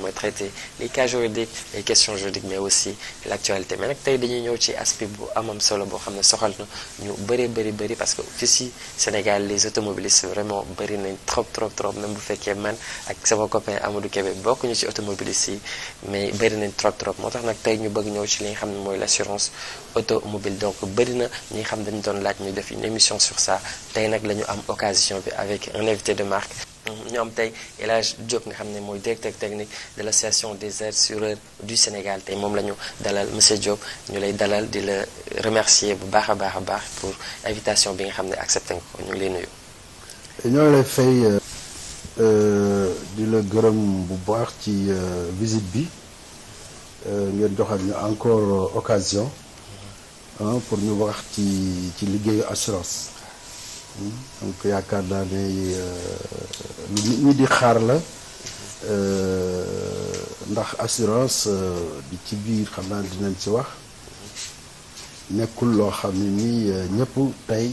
mooy traité les cas juridiques les questions juridiques mais aussi l'actualité mais nag tey dañuy ñëw ci aspect bu amam solo boo xam ne soxal na ñu bëri bëri bëri parce que fii si Sénégal les automobilistes vraiment bëri nañ trop trop trop bu fekkee man ak sama copain Amadou Kébé bokk ñu ci automobilistes yi mais bëri nañ trop trop moo tax nag tey ñu bëgg ñëw ci li nga xam ne mooy l'assurance automobile donc bëri na ñi nga xam dañu doon laaj ñu def une émission sur ça tey nag la am occasion bi avec un invité de marque ñu am tey élage Hadj nga xam ne mooy directeur technique de l' association des assureurs du Sénégal tey moom la ñu dalal monsieur Diop ñu lay dalal di la remercier bu baax a baax a baax pour invitation bi nga xam ne accepté nga ko ñu ngi lay nuyu. ñoo lay fay euh, euh, di la gërëm bu baax ci euh, visite bi ngeen joxal ñu encore occasion pour ñu wax ci ci liggéeyu assurance. donc yaakaar naa ne euh, lu nit ñi di xaar la euh, ndax assurance euh, bi ci biir xam naa dinañ ci wax nekkul loo xam ne nii ñëpp tey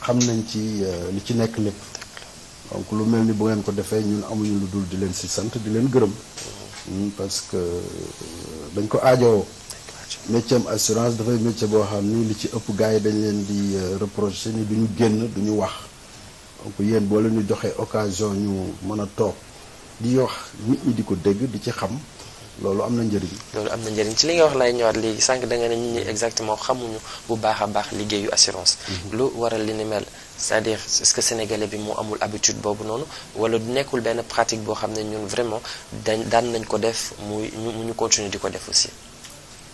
xam nañ ci li ci nekk lépp donc lu mel ni bu ngeen ko defee ñun amuñu lu dul di leen si sant di leen gërëm hmm, parce que dañ ko aajowoo métier am assurance dafay métier boo xam ni li ci ëpp gars yi dañ leen di euh, reproché ni du ñu génn du ñu wax donc yéen boo leen di joxee occasion ñu mën a toog di wax nit ñi di ko dégg di ci xam loolu am na njëriñ. loolu am na njëriñ ci li nga wax lay ñëwaat léegi sànq da nga ne nit ñi exactement xamuñu bu baax a baax liggéeyu assurance. Mhm. lu waral li ni mel cest dire est-ce que sénégalais bi mu amul habitude boobu noonu wala du nekkul benn pratique boo xam ne ñun vraiment dañ daan nañ ko def muy ñu ñu continuer di ko def aussi.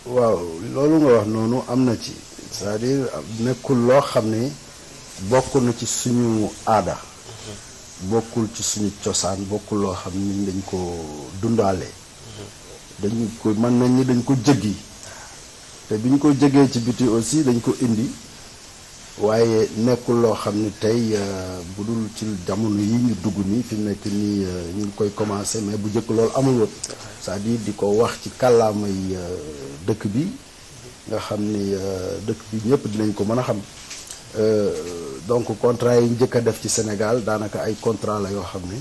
waaw loolu nga wax noonu am na ci cest à nekkul loo xam ne bokk na ci suñu aada bokkul ci suñu cosaan bokkul loo xam ni dañ ko dundaale dañ ko mën nañ ni dañ ko jëggi te bi ñu ko jëgee ci biti aussi dañ ko indi waaye nekkul loo xam ne tey euh, bu dul ci jamono yi ñu dugg nii fi mu nekk nii euh, ñu ngi koy commencé mais bu njëkk loolu amul woon cest à di ko wax ci kàllaamay euh, dëkk bi nga xam ni dëkk bi ñëpp dinañ ko mën a xam donc contrat yi njëkk a def ci Sénégal daanaka ay contrat la yoo xam ne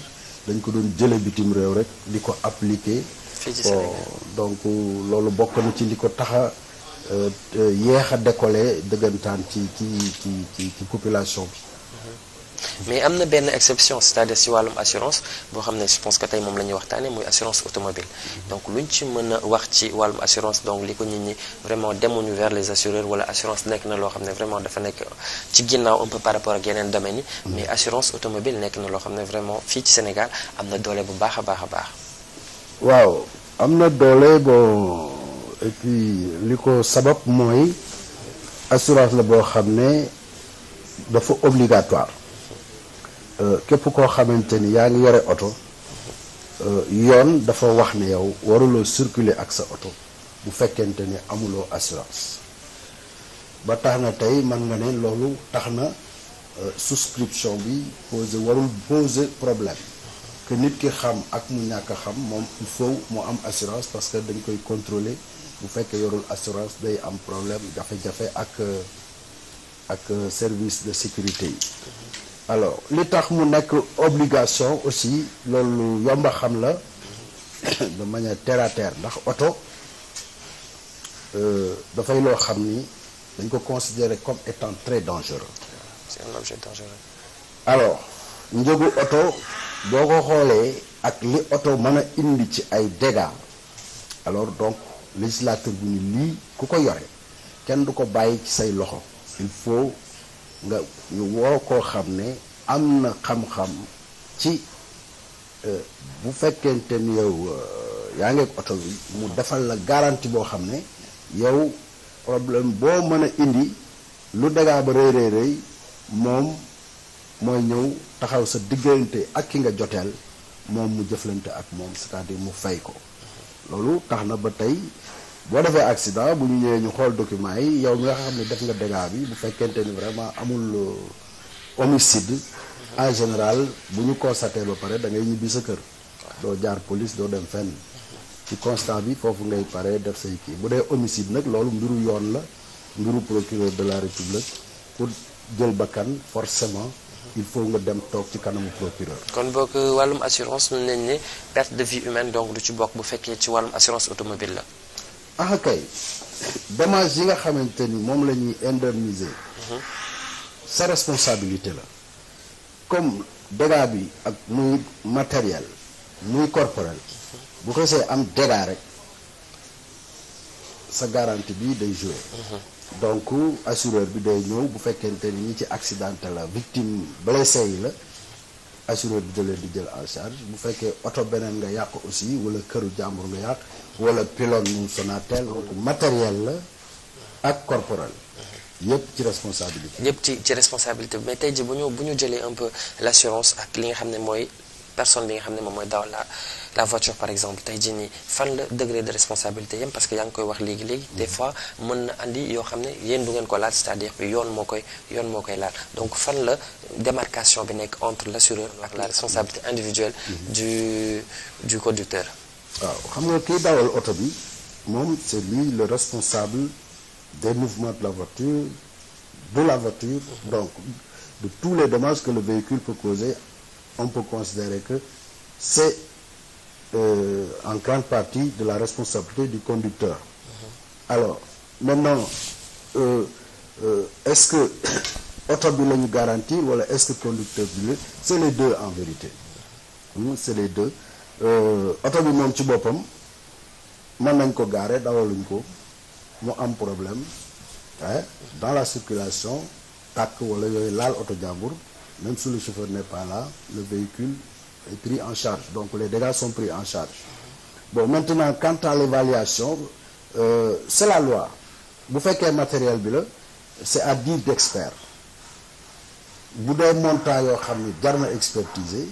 dañ ko doon jële bitim réew rek di ko appliqué donc loolu bokk na ci li ko taxa Euh, euh, yéex a décollé dëggantaan ci ci ci ci population bi. Mm-hmm. mais am na benn exception c'est-à-dire si wàllum assurance boo xam ne je pense que tey moom la ñuy waxtaanee muy assurance automobile mm-hmm. donc luñ ci mën a wax ci wàllum assurance donc li ko nit ñi vraiment demuñu vers les assureurs wala assurance nekk na loo xam ne vraiment dafa nekk ci ginnaaw un peu par rapport ak yeneen domaines yi. Mm-hmm. mais assurance automobile nekk na loo xam ne vraiment fii ci Sénégal am na doole bu baax a baax a baax. et li ko sabab mooy assurance la boo xam ne dafa obligatoire euh, képp koo xamante ni yaa ngi yore oto euh, yoon dafa wax ni yow waruloo circuler ak sa oto bu fekkente ni amuloo assurance ba tax na tey man nga ne loolu tax na euh, souscription bi poser warul poser problème que nit ki xam ak mu ñàkk xam moom il mu am assurance parce que dañ koy contrôler bu fekkee yorul assurance day am problème jafe-jafe ak euh, ak euh, service de sécurité yi alors li tax mu nekk obligation aussi loolu yomba xam la de manière terre à terre ndax oto euh, dafay loo xam ni dañ ko considérer comme étant très dangereux c'est un objet njëgu oto boo ko xoolee ak li oto mën a indi ci ay dégâts alors donc législateur bu ni lii ku ko yore kenn du ko bàyyi ci say loxo il faut nga ñu woo koo xam ne am na xam-xam ci euh, bu fekkente ni yow euh, yaa ngeeg oto bi mu defal la garanti boo xam ne yow problème boo mën a indi lu dagaa ba rëy rëy rëy moom mooy ñëw taxaw sa diggante ak ki nga joteel moom mu jëflante ak moom cest à mu fay ko loolu tax na ba tey boo defee accident bu ñu ñëwee ñu xool document yi yow bi nga xam ne def nga dégâts bi bu fekkente ni vraiment amul euh, homicide en général bu ñu constaté ba pare da ngay ñibbi sa kër doo jaar police doo dem fenn ci constant bi foofu ngay pare def say kii bu dee homicide nag loolu mbiru yoon la mbiru procureur de la république pour jël bakkan forcément il faut nga dem toog ci kanamu procureur. kon boog wàllum assurance mën nañ ne perte de vie humaine donc du ci bokk bu fekkee ci wàllum assurance automobile la. ah kay yi nga xamante ni moom la ñuy indemniser. Mhm. sa responsabilité la comme dégâts bi ak muy matériel muy corporel bu ko am dégâts rek sa garantie bi day jouer. Mhm. donc assureur bi day ñëw bu fekkente ni ñi ci accidenté la victime blessé yi la assureur bi da leen di jël en charge bu fekkee oto beneen nga yàq aussi wala këru jàmbur nga yàq wala pylône nu Sonatel matériel la ak corporel yëpp ci responsabilité. ñëpp ci ci responsabilité mais tey ji bu ñu bu ñu jëlee un peu l'assurance ak li nga xam ne mooy. personne bi nga xam ne moom mooy dawal la voiture par exemple tey jii nii fan la degré de responsabilité yam parce que yaa ngi koy wax léegi léegi des mën na andi yoo xam ne yéen du ngeen ko laal c'est-à-dire yoon moo koy yoon moo koy laal donc fan la démarcation bi nekk entre l'assureur ak la responsabilité individuelle mhm. du du conducteur waaw xam nga kii dawal oto bi moom c'est lui le responsable des mouvements de la voiture de la voiture donc de tous les dommages que le véhicule on peut considérer que c'est euh, en grande partie de la responsabilité du conducteur. Mm-hmm. alors maintenant euh, euh est-ce que oto bi la ñu garantie wala est-ce que conducteur bi la c'est les deux en vérité hmm, c'est les deux euh, oto bi moom ci boppam mën nañ ko gaare dawaluñ ko mu am problème dans la circulation tàkk wala yooyu laal oto jàmbur même si le chauffeur n'est pas là le véhicule est pris en charge donc les dégâts sont pris en charge bon maintenant quant à l'évaluation euh, c'est la loi bu fekkee matériel bi la c'est à dire d'experts bu dee montant yoo xam ne jar na expertiser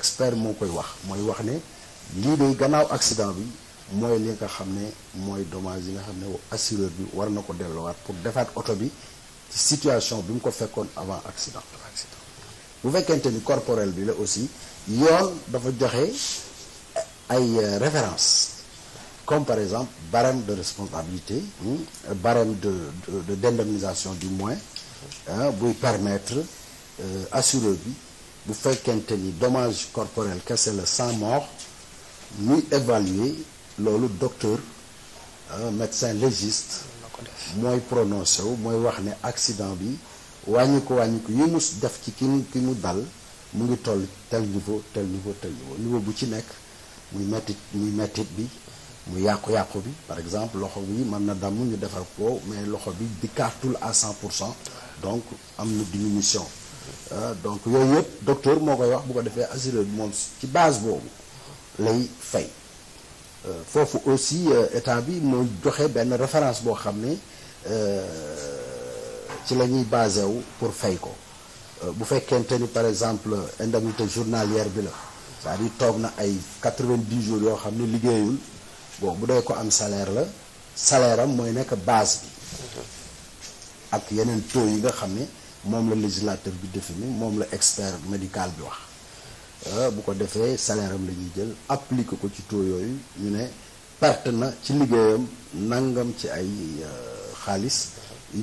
expert moo koy wax mooy wax ne lii day gannaaw accident bi mooy li nga xam ne mooy dommage yi nga xam ne assureur bi war na ko delluwaat pour defaat oto bi ci situation bi mu ko fekkoon avant accident. bu fekkente ni corporel bi la aussi yoon dafa joxe ay euh, référence comme par exemple barème de responsabilité barème de de d'indemnisation du moins buy permettre euh, assureur bi bu fekkente ni dommage corporel kese la sans mort ñuy évaluer loolu docteur médecin légiste mooy prononcé wu mooy wax ne accident bi wàññiku wàññiku yi mu def ci ki ki mu dal mu ngi toll tel niveau tel niveau tel niveau niveau bu ci nekk muy mettit muy mettit bi mu yàqu-yàqu bi par exemple loxo bi mën na damm ñu defar ko mais loxo bi di dikkaatul à cent pour cent donc am na diminution euh, donc yooyu yëpp docteur moo koy wax bu ko defee assureur bi moom ci base boobu lay fay euh, foofu aussi euh, état bi moo joxe benn référence boo xam ne ci la ñuy basé wu pour fay ko euh, bu fekkente ni par exemple indemnité journalière bi la cest à toog na ay 90 jours yoo xam ne liggéeyul bon bu dee ko am salaire la salaire am mooy nekk baas bi ak yeneen taux yi nga xam ne moom la législateur bi défini moom la expert médical bi wax euh, bu ko defee salaire am la ñuy jël appliquer ko ci taux yooyu ñu ne perte na ci liggéeyam nangam ci ay euh, xaalis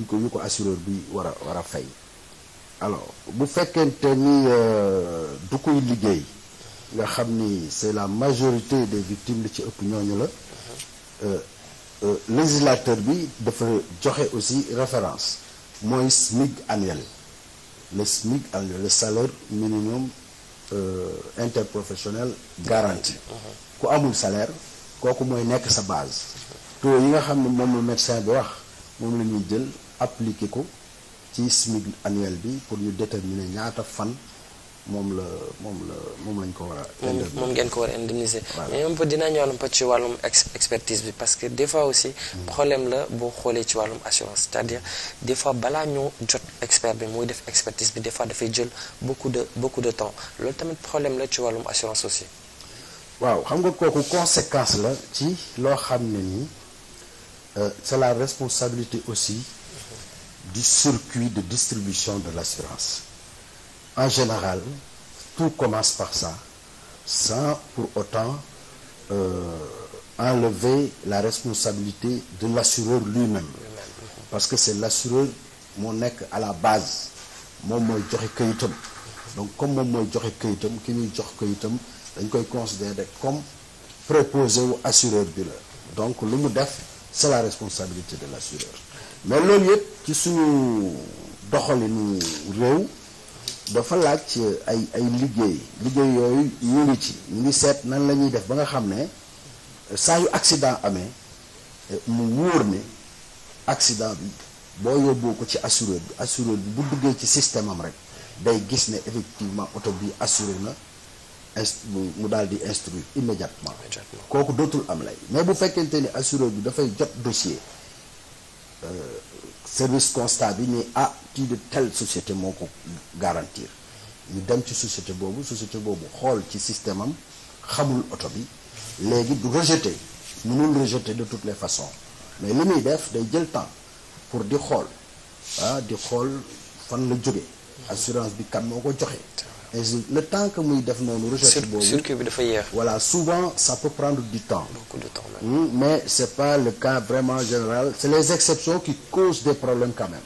ko yu ko assureur bi war a war a fay alors bu fekkente ni euh, du koy liggéey nga xam ni c'est la majorité des victimes li ci ëpp ñooñu la euh, euh, législateur bi dafa joxe aussi référence mooy SMIC annuel le SMIC annuel le salaire minimum interprofessionnel garanti ku amul salaire kooku mooy nekk sa base taux yi nga xam ne moom la médecin bi wax moom la ñuy jël appliqué ko ci SMIC annuel bi pour ñu déterminer ñaata fan moom la moom la moom lañ ko war a. moom ngeen ko war a indemniser. mais un peu dinaa ñëwaat un peu ci wàllum expertise bi parce que des fois aussi. Mm. problème la boo xoolee ci wàllum assurance cest à fois balaa ñoo jot expert bi muy def expertise bi des fois dafay jël bokku de beaucoup de temps loolu tamit problème la ci wàllum assurance aussi. waaw xam nga kooku conséquence la ci loo xam ne nii. euh, c'est la responsabilité aussi du circuit de distribution de l'assurance. En général, tout commence par ça, sans pour autant euh, enlever la responsabilité de l'assureur lui-même. Parce que c'est l'assureur moo nekk à la base moom mooy joxe këyitam donc comme moom mooy joxe këyitam ki ñuy jox këyitam dañ koy considérer comme préposé wu assureur bi la donc lu mu def c'est la responsabilité de l'assureur mais loolu yëpp ci suñu doxalinu réew dafa laaj ay ay liggéey liggéey yooyu ñu ngi ci ñu ngi seet nan lañuy def ba nga xam ne saa yu accident amee mu wóor ne accident bi boo yóbboo ko ci assureur bi assureur bi bu duggee ci système am rek day gis ne effectivement oto bi assuré na mu daal di instruire immédiatement kooku dootul am lay mais bu fekkente ni assureur bi dafay jot dossier euh, service constat bi ni ah kii de telle société moo ko garantir ñu dem ci société boobu société boobu xool ci système am xamul oto bi léegi du nu mënul rejeter de toutes les façons mais li muy def day jël temps pour di xool ah di xool fan la jóge mm-hmm. assurance bi kan moo ko joxe et le temps que muy def noonu recherche boobu circuit bi dafa yéex voilà souvent ça peut prendre du temps beaucoup de temps même. Hmm, mais c'est pas le cas vraiment général c'est les exceptions qui causent des problèmes quand même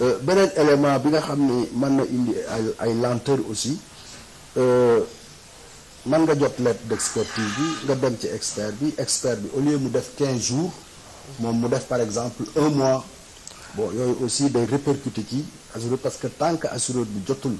euh, beneen élément bi nga xam ni mën na indi ay lenteur aussi euh, man nga jot lettre d'expertise bi nga dem ci expert bi expert bi au lieu mu def quinze jours moom mu def par exemple un mois yooyu aussi day répercuter ci assureur parce que tant que assureur bi jotul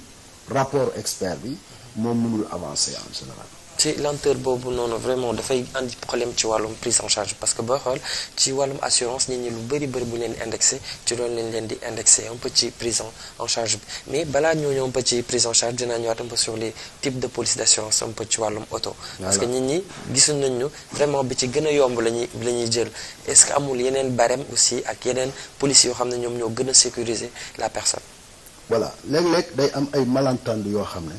rapport expert bi moom mënul avancer en général. ci lenteur boobu noonu vraiment dafay andi problème ci wàllum prise en charge parce que boo xool ci wàllum assurance nit ñi lu bëri bëri bu leen indexé ci loolu lañ leen di indexé un ci prise en charge balaa ñoo ñëw un ci prise en charge dinaa ñëwaat un peu sur les types de police d' assurance un ci wàllum oto parce que nit ñi gisuñ nañ ñu vraiment bi ci gën a yomb la ñuy la ñuy jël est ce que amul yeneen barème aussi ak yeneen police yoo xam ne ñoom ñoo gën a sécuriser la personne voilà léeg-léeg day am ay malentendu yoo xam ne.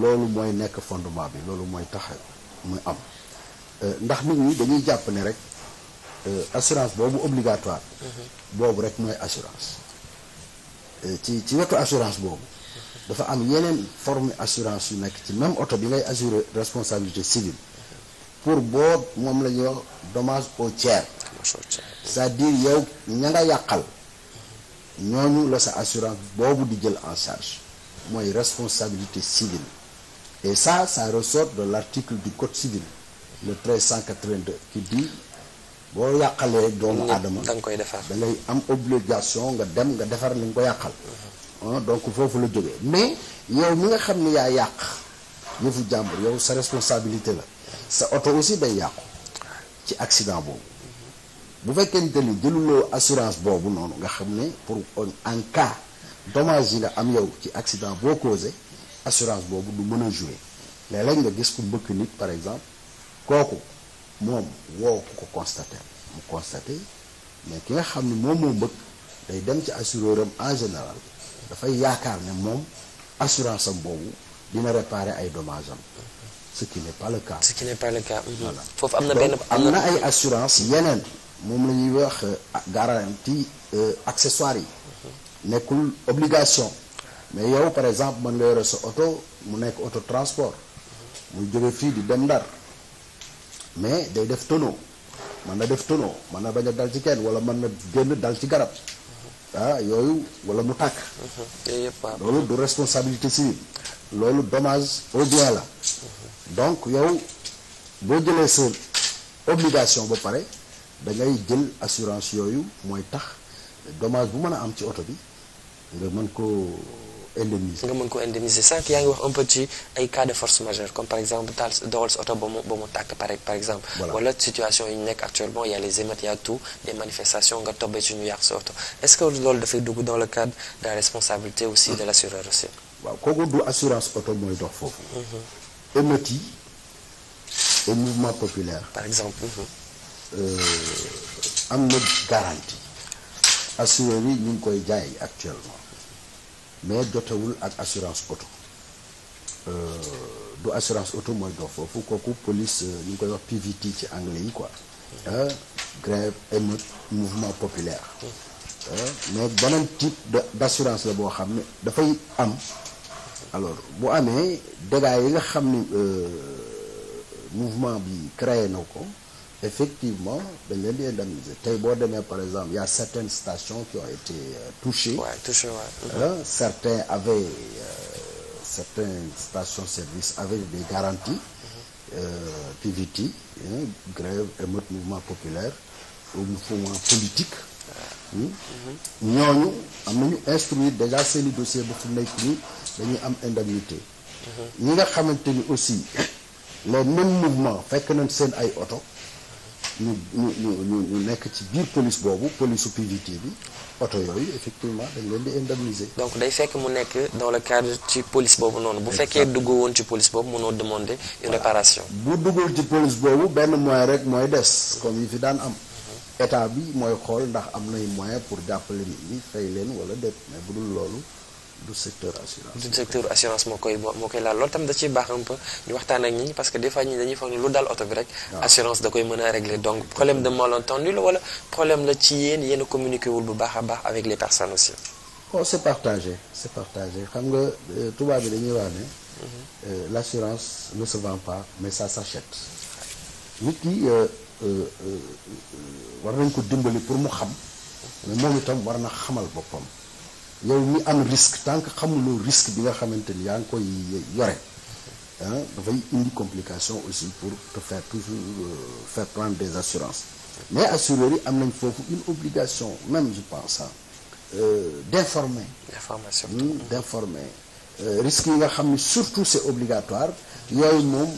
loolu mooy nekk fondement bi loolu mooy tax muy am euh, ndax nit ñi dañuy jàpp ne rek euh, assurance boobu obligatoire. boobu rek mooy assurance. Euh, ci ci wetu assurance boobu. dafa am yeneen forme assurance yu nekk ci même oto bi ngay assurer responsabilité civile. pour boo moom la ñuy wax dommage au tiers. cest à yow ña nga yàqal. ñooñu la sa assurance boobu di jël en charge mooy responsabilité civile et ça ça ressort de l'article du code civil le 1382 qui dit boo yàqalee doomu aadama da nga koy defar da am obligation nga dem nga defar li ko yàqal mm-hmm. ah, donc foofu la jógee mais yow mi nga xam ne yaa yàq yëfu jàmbur yow sa responsabilité la sa oto aussi day yàqu ci accident boobu bu fekkente ni jëluloo assurance boobu noonu nga xam ne pour en cas dommage yi nga am yow ci accident boo causé assurance boobu du mën a jouer léeg-léeg nga gis ku mbëkk nit par exemple kooku moom woo ku ko constaté mu constaté mais ki nga xam ne moom moo mbëkk day dem ci assureur am en général dafay yaakaar ne moom assurance am boobu dina réparer ay dommage am ce qui n'est pas le cas. ce qui n'est pas le cas. Mhm. foofu am na am na ay assurance yeneen. moom la ñuy wax euh, garantie euh, accessoire yi nekkul obligation mais yow par exemple mën nga yore sa oto mu nekk auto transport muy jóge fii di dem ndar mais day def tonneau mën na def tonneau mën na bañ dal ci kenn wala mën na génn dal ci garab ah yooyu wala mu tàkk loolu du responsabilité civile loolu dommage au bien la mhm. donc yow boo jëlee sa obligation ba pare da ngay jël assurance yooyu mooy tax dommage bu mën a am ci oto bi nga mën ko indemniser. nga ko indemniser sànq yaa ngi wax un peu ci ay cas de force majeure comme par exemple taal dawal oto ba mu ba mu tàkk par par exemple. wala situation yi ñu nekk actuellement y a les émeutes y a tout des manifestations nga tombé ci ñu yàq sa oto est-ce que loolu dafay dugg dans le cadre de la responsabilité aussi de l'assureur aussi. waaw kooku du assurance oto mooy dox foofu. Mm-hmm. émeutes yi et mouvement populaire. Euh, am na garantie ñu ngi koy jaay actuellement mais jotewul ak assurance auto euh, du assurance auto mooy dox foofu kooku police euh, ñu ngi koy wax PVT ci anglais yi quoi hmm. grève émeute mouvement populaire hmm. mais beneen type d' assurance la boo xam ne dafay am alors bu amee dégâts yi nga xam ne mouvement bi créé na ko effectivement dañ leen di indemniser tey boo demee par exemple y a certaines stations qui ont été euh, touchées ouais, touché, ouais. Mhm. certains avaient euh, stations service avaient des garanties mhm. euh, PVT grève émeute mouvement populaire ou mouvement politique hmm? mhm. ñooñu am nañu instruire déjà seeni dossier ba fu nekk nii dañuy am indemnité ñi nga xamante ni aussi les mêmes mouvements fekk nañ seen ay oto ñu ñu ñu ñu nekk ci biir police boobu police PVT bi oto yooyu effectivement dañ leen di indemniser. donc day fekk mu nekk dans le cadre ci police boobu noonu. bu fekkee dugg woon ci police boobu mënoo demander une réparation. bu duggul ci police boobu benn moyen rek mooy des comme yi fi daan am. Mhm. état bi mooy xool ndax am nay moyen pour jàppale nit ñi fay leen wala déet mais bu dul loolu. du secteur assurance. du moo koy moo koy laal loolu tam da ciy baax un peu ñu waxtaan ak ñi parce que des fois ñi dañuy foog ni lu dal oto bi rek. assurance da koy mën a régler donc problème de malentendu la wala problème la ci yéen yéen a communiqué wul bu baax a baax avec les personnes aussi. bon c' est partagé c' xam nga euh, tubaab bi dañuy wax ne. Mhm. Euh, l' assurance ne se vend pas mais ça s' nit ñi euh, war nañ ko dimbali pour mu xam. mais moom itam war na xamal boppam. yow mi am risque tant que xamuloo risque bi nga xamante ni yaa ngi koy yore ah dafay indi complication aussi pour te faire toujours euh, prendre des assurances mais assureurs yi am nañ foofu une obligation même je pense ah euh, d'informer d'informer hmm, euh, risque yi nga xam ne surtout c'est obligatoire yooyu moom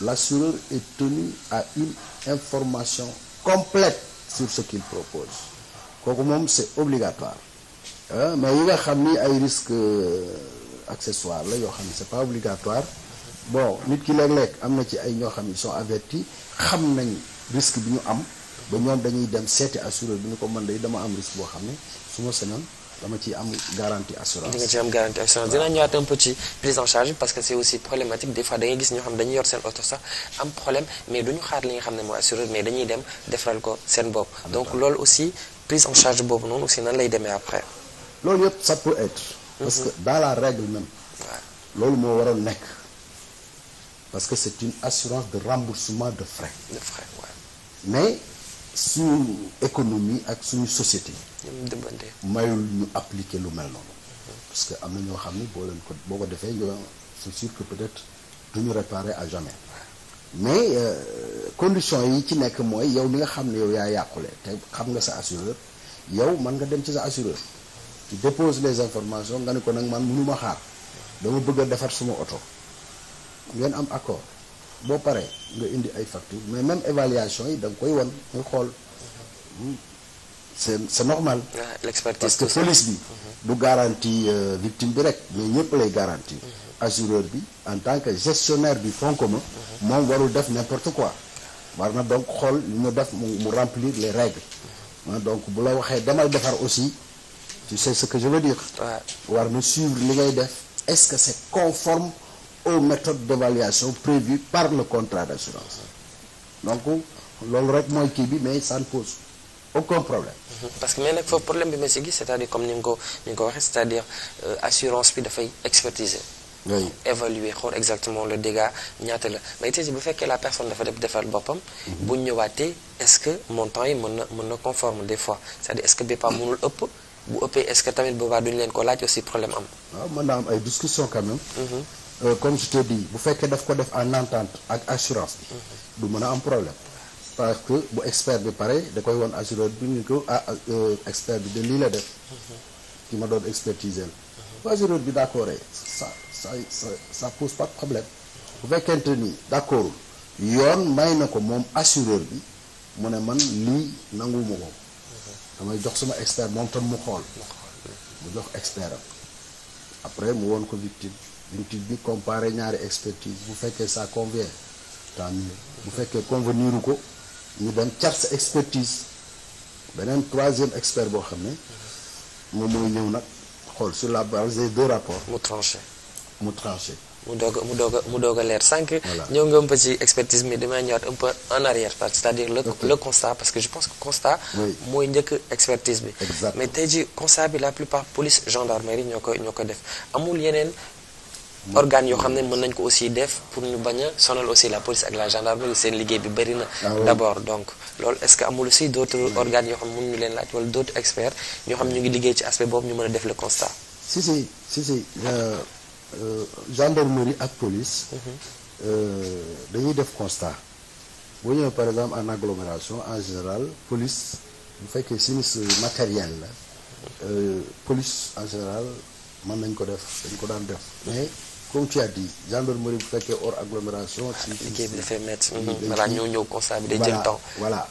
l'assureur est tenu à une information complète sur ce qu'il propose kooku moom c'est obligatoire ah mais yi nga xam ni ay risque euh, accessoire la yoo xam ne c'est pas obligatoire bon nit ki léeg-léeg am na ci ay ñoo xam ne sont avertis xam nañ risque bi ñu am ba ñoom dañuy dem seeti assureur bi ñu ko mën day boo xam ne su ma sañoon ci am garantie assurance. di nga ci am garantie assurance dina ñëwaat un peu ci prise en charge parce que c'est aussi problématique des xaar li nga xam ne mooy assureur dañuy dem defaral ko seen bopp. donc loolu aussi prise en boobu noonu aussi nan lay demee après. loolu yëpp ça peut être. Mhm. parce que dans règle même. loolu moo waroon nekk parce que c'est une assurance de remboursement de frais. de frais mais suñu économie ak suñu société. mayul ñu appliquer lu mel noonu. parce que am na ñoo xam ne boo leen ko boo ko defee ñoo c'est sûr que peut-être duñu réparer à jamais. mais euh, condition yi ci nekk mooy yow mi nga xam ne yow yaa yàqule te xam nga sa assureur yow mën nga dem ci sa assureur. tu déposes les informations nga ne ko nag man mënuma xaar dama bëgg defar suma oto ngeen am accord boo paree nga indi ay facture mais même évaluation yi danga koy wan muy xool c'est c'est normal ah, parce que police bi du garantie euh, victime bi rek mais ñëpp lay garantie mm-hmm. assureur bi en tant que gestionnaire bi fonds commun mm-hmm. moom warul def n'importe quoi war na donc xool li mu def mu remplir les règles mm-hmm. ah, donc bu la waxee demal defar aussi tu sais ce que je veux dire war na suivre li ngay def est-ce que c'est conforme aux méthodes d'évaluation prévues par le contrat d'assurance donc loolu rek mooy bi mais ça ne pose aucun problème mhm. parce que mais nag foofu problème bi ma si gis c'est-à-dire comme ni nga ko ni nga ko waxee c'est-à-dire euh, assurance bi dafay expertiser oui évaluer xool exactement le dégât ñaata la mais tey jii bu fekkee la personne dafa def defal boppam. Mhm. bu ñëwaatee est-ce que montant yi mën na mën na conforme des fois c'est-à-dire est bu ëppee est-ce que tamit boobaa duñu leen ko laaj aussi problème am. waaw mën naa am ay discussion quand même. Mhm. Euh, comme je te dis bu fekkee daf ko def en entente ak assurance bi. Mhm. du mën a am problème. parce que bu expert bi pare da koy woon assurance bi ñu ko ah euh, expert bi de lii la def. Mhm. ki ma doon expertiser la. assurance bi d'accord eh, ça ça ça ça pose pas de problème. bu fekkente ni d'accord yoon may na ko moom assureur bi mu ne man lii nanguwuma ko. damay jox sama expert moom tam mu xool mu jox expert après mu won ko victime victime bi comparé ñaari expertise bu fekkee ça convient tant mieux bu fekkee conveniru ko ñu dem cat sa expertise beneen troisième expert boo xam ne moom mooy ñëw nag xool su la base des deux rapports mu tranché mu doog a mu doog a mu doog a leer sànq. ñëw nga un peu ci expertise mi damay ñëwaat un peu en arrière c'est-à-dire le le parce que je pense que constat. mooy njëkk expertise bi. mais tey ji constat bi la plupart police gendarmerie ñoo ko ñoo ko def amul yeneen. organes yoo xam ne mën nañ ko aussi def pour ñu bañ a sonal aussi la police ak la gendarmerie seen liggéey bi bëri na ah d'abord donc loolu est-ce amul aussi d'autres organes yoo xam ne mën ñu leen laaj wala d'autres experts ñoo xam ñu ngi liggéey le constat si si si si euh, Euh, gendarmerie ak police euh, dañuy def constat boo ñëwee par exemple en agglomération en général police bu fekkee sinistre matériel la euh, police en général mën nañ ko def dañ ko daan def mais comme tu as dit bu fekkee hors agglomération si liggéey ah, hmm, bi dafay métti voilà ñoo voilà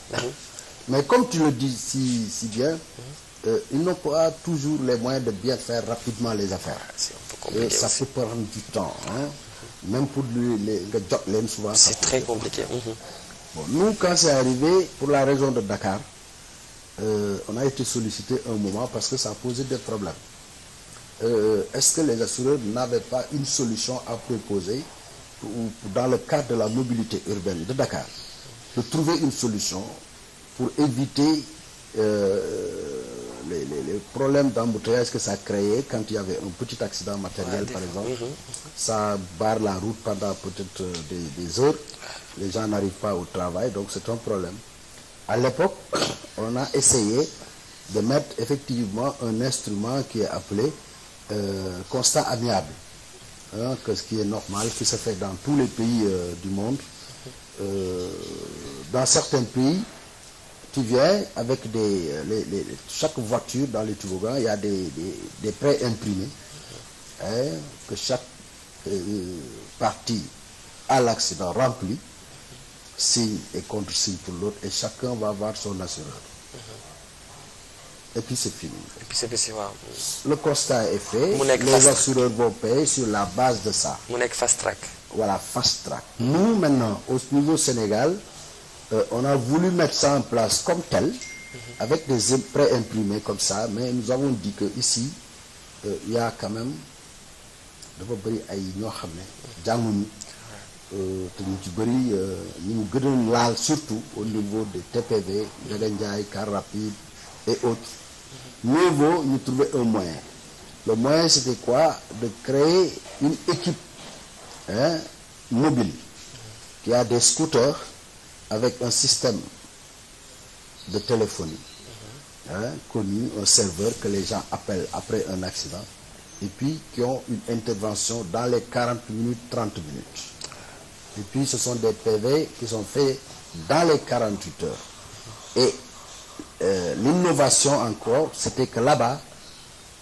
si si bien hmm. euh, ils n'ont pas toujours les moyens de bien faire rapidement les affaires. Ah, Et prendre du temps Même pour les nga souvent. C'est très compliqué. Mhm. nous quand c'est arrivé pour la région de Dakar euh, on a été sollicité un moment parce que ça posait des problèmes. Euh, est-ce que les assureurs n'avaient pas une solution à proposer pour, dans le cadre de la mobilité urbaine de trouver une solution pour éviter euh, le les, les problèmes d'embouteillage que ça créait quand il y avait un petit accident matériel, ouais, par exemple. Mm -hmm. Ça barre la route pendant peut-être euh, des, heures. Les gens n'arrivent pas au travail, donc c'est un problème. À l'époque, on a essayé de mettre effectivement un instrument qui est appelé euh, constat amiable, qui est normal, qui se fait dans tous les pays euh, du monde. Euh, dans certains pays, tu viens avec des euh, les, les, chaque voiture dans les toboggans il y a des des, des prêts imprimés hein, que chaque euh, partie l'accident rempli signe et contre-signe pour l'autre et chacun va avoir son assureur et c'est fini. le constat est fait. mu les assureurs vont payer sur la base de ça. mu nekk fast voilà fast track. nous maintenant au niveau Sénégal. euh, on a voulu mettre ça en place comme tel, avec des prêts imprimés comme ça, mais nous avons dit que ici, euh, quand même dafa bëri ay ñoo xam ne jànguñu euh, te ñu ci bëri euh, ñu mu gënoon laal surtout au niveau des TPV Ndiaga Ndiaye car rapide et autres mieux vaut ñu trouver un moyen le moyen c'était quoi de créer une équipe hein, mobile qui a des scooters avec un système de téléphonie mhm. hein, connu, un serveur après un accident et puis intervention dans les 40 minutes, 30 minutes. Et puis ce sont des PV qui sont faits Et euh, l'innovation encore, c'était que là-bas,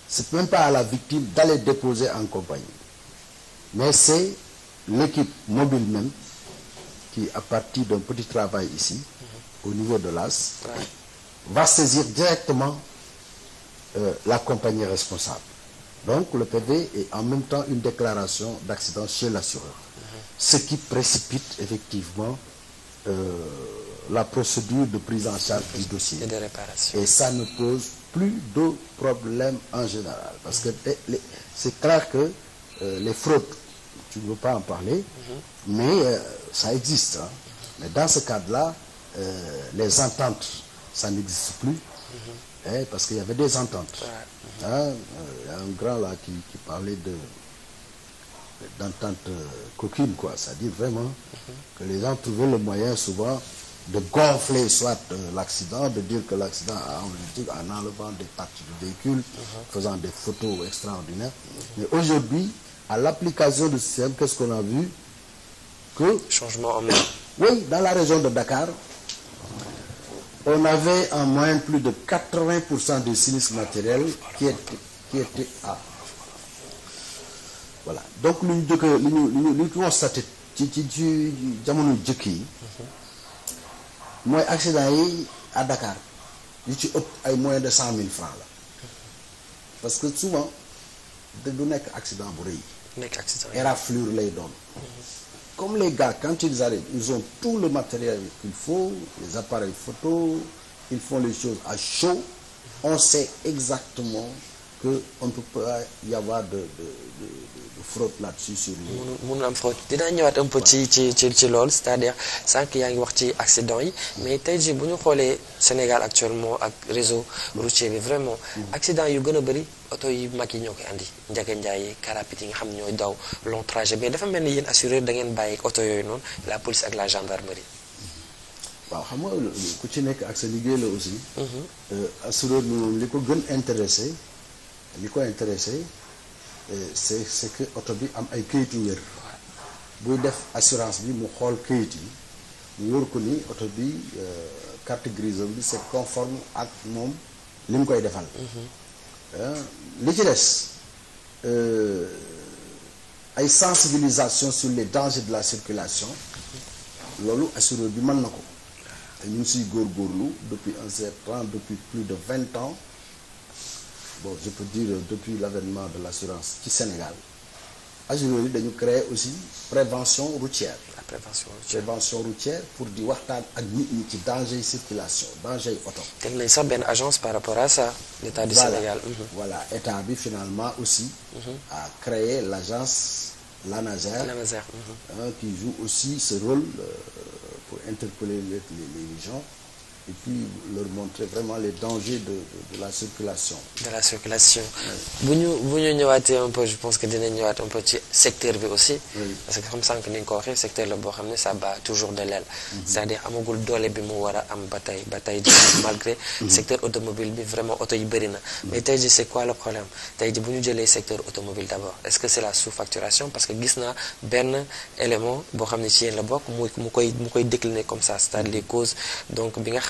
c'est la victime d'aller déposer en compagnie. Mais c'est qui, à partir d'un petit travail ici, au niveau de l'AS, va saisir directement euh, la compagnie responsable. Donc le PV est en même temps une déclaration d'accident chez l'assureur, ce qui précipite effectivement euh, la procédure de prise en charge du dossier. Et, de réparation. et ça ne pose plus de problème en général. Parce que eh, c'est clair que euh, les fraudes tu ne veux pas en parler, mhm. mais euh, ça existe. Hein. Mais dans ce cadre-là, euh, les ententes, ça n'existe plus, mhm. parce qu'il y avait des ententes. Euh, un grand là qui, parlait de d'entente euh, coquine, quoi. Ça vraiment mhm. que les gens trouvaient le moyen souvent de gonfler soit l'accident, de dire que l'accident a enlevant des parties du véhicule, faisant des photos extraordinaires. Mais aujourd'hui, à l'application du système, qu'est-ce qu'on a vu dans la région de Dakar, on avait en moyenne plus de 80% de sinistres matériels qui étaient, qui Voilà. Donc, lu jëkk li ñu li ñu constaté ci ci ci jamono jëkk yi mooy accident yi à Dakar yu ci ëpp ay moyens de cent mille francs la parce que souvent du nekk accident bu rëy nekk accident éraflure lay doon. comme les gars quand ils arrivent ils ont tout le matériel qu'il faut les appareils photo ils font les choses à chaud on sait exactement que on ne peut pas y avoir de fraude là-dessus sur les. mënul am fraude dinaa ñëwaat un peu ci ci ci ci loolu c'est-à-dire sànq yaa ngi wax ci accident yi. mais tey bu ñu xoolee Sénégal actuellement ak réseau routier bi vraiment. accident yu gën a bëri. oto yi mag yi ñoo koy andi njaga njaay yi carapit yi nga xam ñooy daw long trajet mais dafa mel ni yéen assureur da ngeen bàyyi oto yooyu noonu la police ak la gendarmerie. waaw xam nga ku ci nekk ak sa liggéey la aussi. Mhm. Euh, assureur bi moom li ko gën intéressé li ko intéressé euh, c'est c'est que oto bi am ay këyit yu wér. buy def assurance bi mu xool këyit yi mu wóor ko ni oto bi euh, carte grise bi c'est conforme ak moom li mu koy defal. Mhm. li ci des euh, ay sensibilisation sur les dangers de la circulation loolu assureur bi mën na ko te ñu ngi siy góorgóorlu depuis un certain depuis plus de vingt ans bon je peux dire depuis l'avènement de l'assurance ci Sénégal assureur yi dañu créer aussi prévention routière prévention routière prévention pour di waxtaan ak nit ñi ci danger circulation danger oto. teg nañ sax benn agence par rapport à ça. l'état du Sénégal mhm. voilà état bi finalement aussi. à mhm. créé l'agence l'ANASER. l'ANASER mhm. qui joue aussi ce rôle euh, pour interpeller les gens. et puis leur montrer vraiment les dangers de de, de la circulation. de la circulation. bu ñu bu ñu ñëwaatee un pense que dinañ ñëwaat un peu ci secteur bi aussi. Oui. parce que comme sànq ni nga ko waxee secteur la boo xam ne sa bat toujours de l'aile. Mhm. c'est-à-dire amagul doole bi mu war a am ba tey ba tey jii malgré. Mhm. secteur automobile bi vraiment oto yi bëri na. Mhm. mais tey jii c'est quoi le problème tey jii bu ñu jëlee secteur automobile d'abord est-ce que c'est la sous-facturation parce que gis naa benn élément boo xam ne ci yéen la bokk mu mu koy mu koy décliner comme ça c'est-à-dire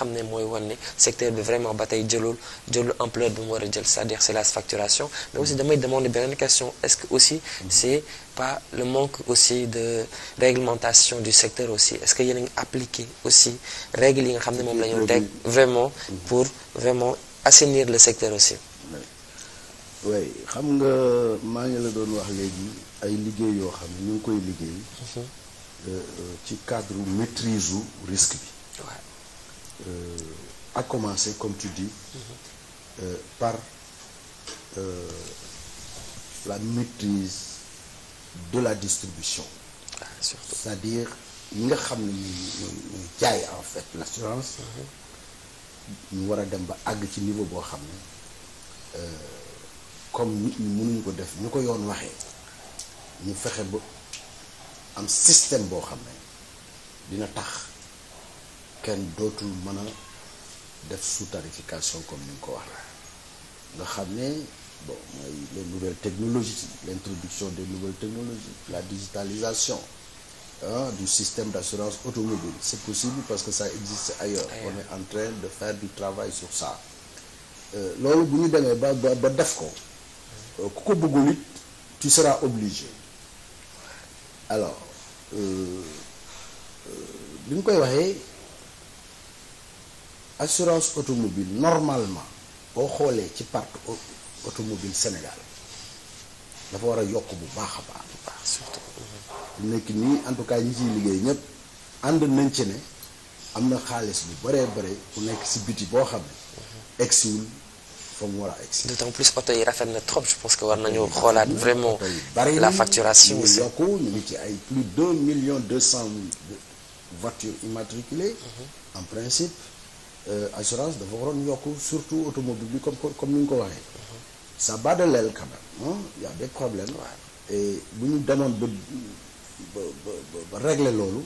xam ne mooy wan ne secteur bi vraiment ba tey jëlul jëlul ampleur bi mu war a jël c'est-à-dire c'est la facturation mais aussi damay demander beneen question est-ce que aussi mm-hmm. c'est pas le manque aussi de réglementation du secteur aussi est-ce que yéen a ngi aussi règles yi nga xam ne moom la ñu teg vraiment mm-hmm. pour vraiment assainir le secteur aussi xam nga maa ngi la doon wax léegi ay liggéey yoo xam ne ñu ngi koy liggéey mm-hmm. euh, euh, ci cadre maîtrise u bi ak euh, commencer comme tu dis euh, par euh, la maîtrise de la distribution ah, surtout cest dire ñi nga xam ne ñuy jaay en fait l'assurance mhm. ñu war a dem ba àgg ci niveau boo xam ne comme nit ñi mënuñu ko def ñu ko yoon waxee ñu fexe ba am système boo xam ne dina tax kenn dootul mën a def sous-tarification comme ni nga ko waxee nga xam ne bon mooy les nouvelles technologies l'introduction des nouvelles technologies la digitalisation ah du système d'assurance automobile c'est possible parce que sa existe ailleurs ah, on est en train de faire du travail sur sa euh, loolu bu ñu demee ba def ko euh, ku ko bëggul it tu seras obligé alors euh, bi ñu koy waxee assurance automobile normalement boo xoolee ci parc automobile Sénégal dafa war a yokk bu baax a baax bu nekk nii en tout cas ñi ciy liggéey ñëpp ànd nañ ci ne am na xaalis bu bëree bëri ku nekk si biti boo xam ne egsiwul fa mu war a egsi d'autant plus oto yi rafet na trop je pense que war nañu xoolaat vraiment la facturation aussi yokku ñu ngi ci ay plus deux millions deux cent mille voitures immatriculées mhm. en principe Euh, assurance dafa waroon yokk surtout automobile bi comme comme ni nga ko waxee. ça bat de l'aile quand même. y a des bu ñu demoon ba ba ba régler loolu.